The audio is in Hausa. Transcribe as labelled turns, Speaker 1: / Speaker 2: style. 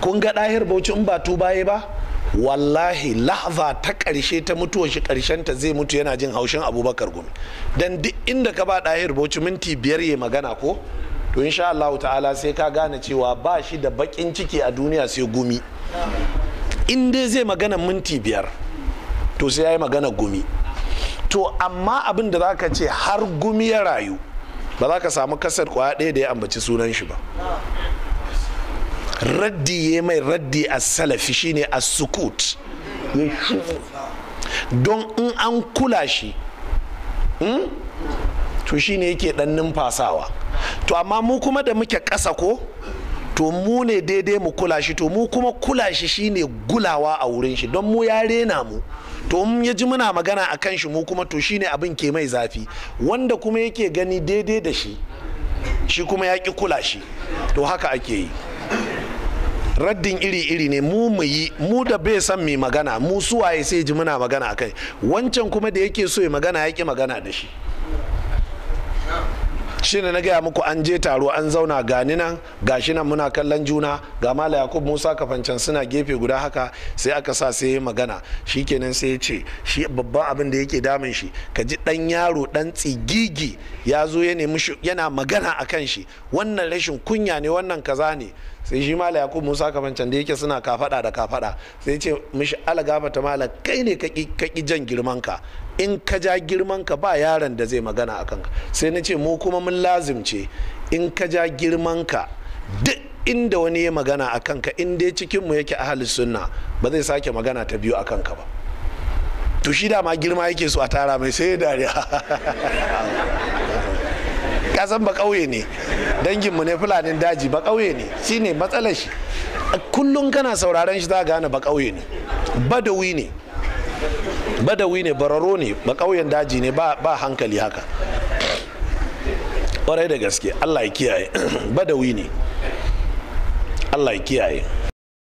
Speaker 1: kun ga ɗahir bauchi in ba baye ba wallahi lahza ta ƙarshe ta mutuwa shi ta zai mutu yana jin haushin abubakar gumi dan duk inda ka ba ɗahir bauchi minti biyar ya magana ko to insha Allah ta'ala sai ka gane cewa ba shi da bakin ciki a duniya sai gumi in dai zai magana minti biyar to sai ya yi magana gumi to amma abin da zaka ce har gumi ya rayu ba za ka samu kasar kwaya ɗaya da ya ambaci sunan shi ba raddi ya mai raddi a salafi shine a sukut don in an kula shi hmm? to shine yake dan numfasawa to amma mu kuma da muke ƙasa ko to mu ne daidai mu kula shi to mu kuma kula shi shine gulawa a wurin shi don mu ya rena mu to in ya ji muna magana a kan shi mu kuma to shine abin ke mai zafi wanda kuma yake gani daidai da shi shi kuma ya ki kula shi to haka ake yi raddin iri-iri ne mu mu yi mu da bai san mai magana mu waye sai ji muna magana a kai wancan kuma da yake so ya magana ya ki magana da shi shi ne na gaya muku an je taro an zauna gani nan gashi nan muna kallon juna ga mala yakub musa kafancan suna gefe guda haka sai aka sa sai magana shi kenan sai ya ce shi babban abin da yake damun shi ka ji dan yaro dan tsigigi ya zo yana magana a kan shi wannan rashin kunya ne wannan kaza ne sai shi mala yakub musa kafancan da yake suna kafada da kafada sai ce mishi alagafa ta mala kai ne kaki jan girman ka in ka ja girman ba yaron da zai magana a kanka sai na ce mu kuma mun lazimce in ka ja girman duk inda wani ya magana a kanka in dai cikin mu yake ahli sunna ba zai sake magana ta biyu a kanka ba to shi dama girma yake so a tara mai sai dariya ka san ba kauye ne dangin mu ne fulanin daji ba kauye ne shine matsalar shi kullun kana sauraron shi za gane ba kauye ne badawi ne badawi ne bararo ne ba kauyen daji ne ba hankali haka kwarai da gaske allah ya kiyaye badawi ne allah ya kiyaye